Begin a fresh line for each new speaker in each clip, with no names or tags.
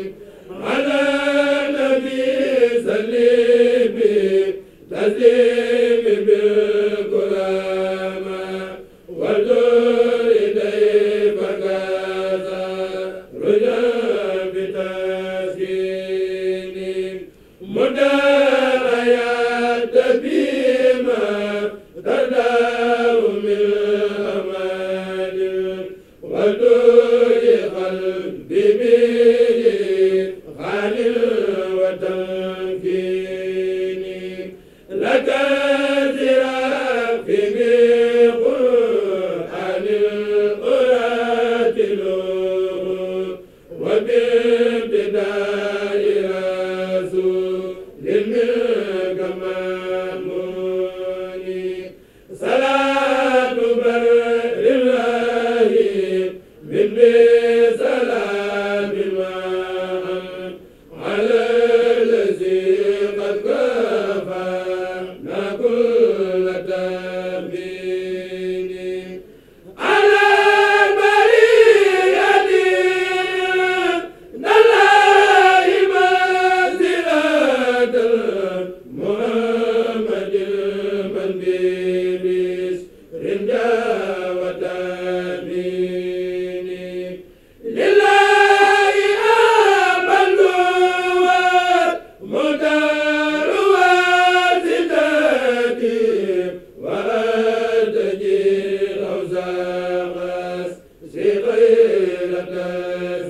على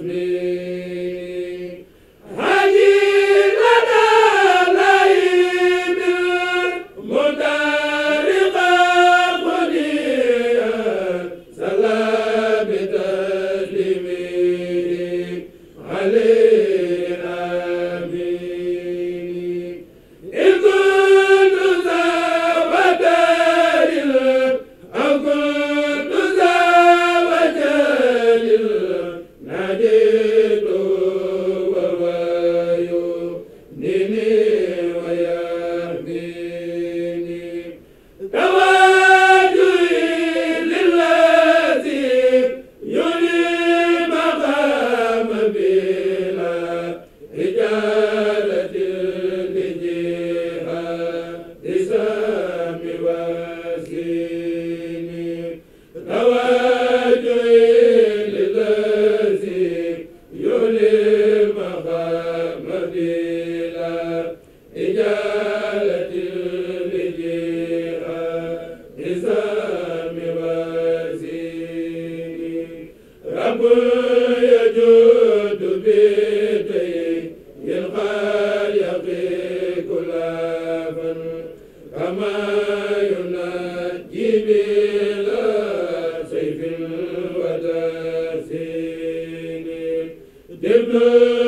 bi Amen. le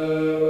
uh...